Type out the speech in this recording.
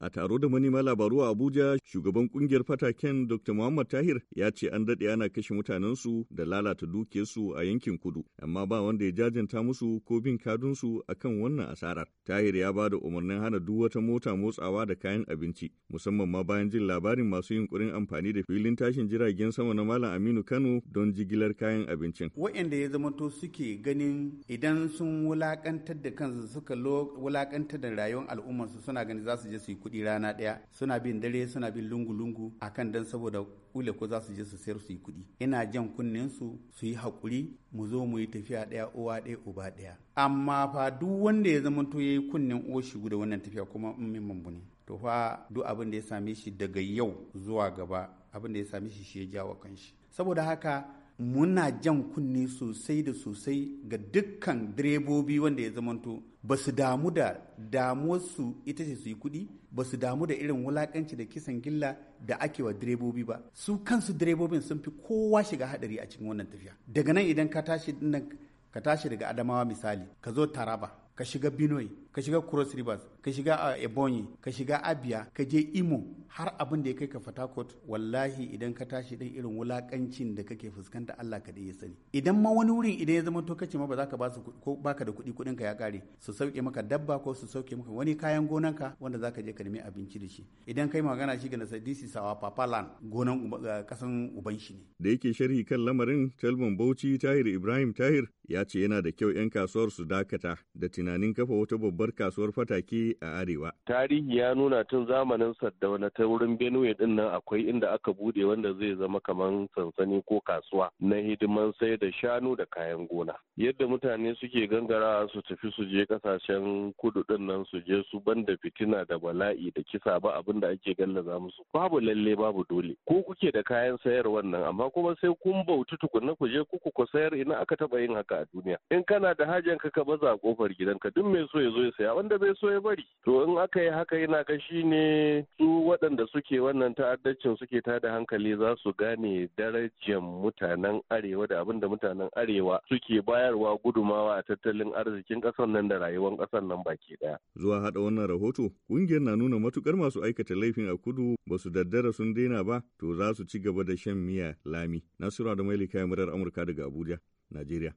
A taro da manema labaru a Abuja, shugaban kungiyar fataken Dr. Muhammad Tahir ya ce an daɗe ana kashe mutanensu da lalata dukiyarsu a yankin kudu, amma ba wanda ya jajanta musu ko bin kadunsu akan wannan asarar. Tahir ya ba da umarnin hana duk wata mota motsawa da kayan abinci, musamman ma bayan jin labarin masu yunkurin amfani da filin tashin jiragen sama na Malam Aminu Kano don jigilar kayan abincin. Wa'inda ya zamanto suke ganin idan sun wulakantar da kansu suka wulakantar da rayuwar al'ummarsu suna ganin za su je su kuɗi rana ɗaya suna bin dare suna bin lungu-lungu a kan dan saboda kule ko za su je su sayar su yi kuɗi ina jan kunnen su su yi haƙuri mu zo mu yi tafiya ɗaya uwa ɗaya uba ɗaya amma fa duk wanda ya zama to yi kunnen uwa shi da wannan tafiya kuma in min mambu ne to fa duk abin da ya same shi daga yau zuwa gaba abin da ya same shi shi ya jawo kanshi saboda haka muna jan kunne sosai da sosai ga dukkan direbobi wanda ya zamanto ba su damu da damuwarsu ita ce su yi kuɗi ba su damu da irin wulakanci da kisan gilla da ake wa direbobi ba su kansu direbobin sun fi kowa shiga haɗari a cikin wannan tafiya daga nan idan ka ka tashi daga adamawa misali ka zo taraba ka shiga Benue ka shiga Cross Rivers ka shiga a eh, Ebonyi ka shiga Abia ka je Imo har abin da ya kai ka Fatakot wallahi idan ka tashi dan irin wulakancin da kake fuskanta Allah ka ya sani idan ma wani wurin idan ya zama to kace ma ba za ka ba su ko baka da kuɗi kuɗin ka ya kare su sauke maka dabba ko su sauke maka wani kayan gonanka wanda za ka je ka nemi abinci da shi idan kai magana shi ga na sadisi sawa papalan gonan kasan eh, uban shi ne da yake sharhi kan lamarin Talman Bauchi Tahir Ibrahim Tahir ya ce yana da kyau 'yan kasuwar su dakata da tunanin kafa wata babbar kasuwar fatake a arewa. Tarihi ya nuna tun zamanin Saddauna ta wurin Benue din nan akwai inda aka bude wanda zai zama kamar sansani ko kasuwa na hidiman sai da shanu da kayan gona. Yadda mutane suke gangarawa su tafi su je kasashen kudu din nan su je su banda fitina da bala'i da kisa ba abin da ake gallaza musu. Babu lalle babu dole. Ko kuke da kayan sayar nan amma kuma sai kun bauti tukunna ku je kuku ku sayar ina aka taba yin haka a duniya. In kana da hajanka ka baza kofar gidan ka duk mai so ya zo ya saya wanda bai so ya bari to in aka yi haka yana ga shi ne su waɗanda suke wannan ta'addacin suke ta da hankali za su gane darajar mutanen arewa da abinda mutanen arewa suke bayarwa gudumawa a tattalin arzikin ƙasar nan da rayuwar ƙasar nan baki ɗaya. zuwa haɗa wannan rahoto ƙungiyar na nuna matukar masu aikata laifin a kudu ba su daddara sun daina ba to za su ci gaba da shan miya lami nasiru da mailika murar amurka daga abuja najeriya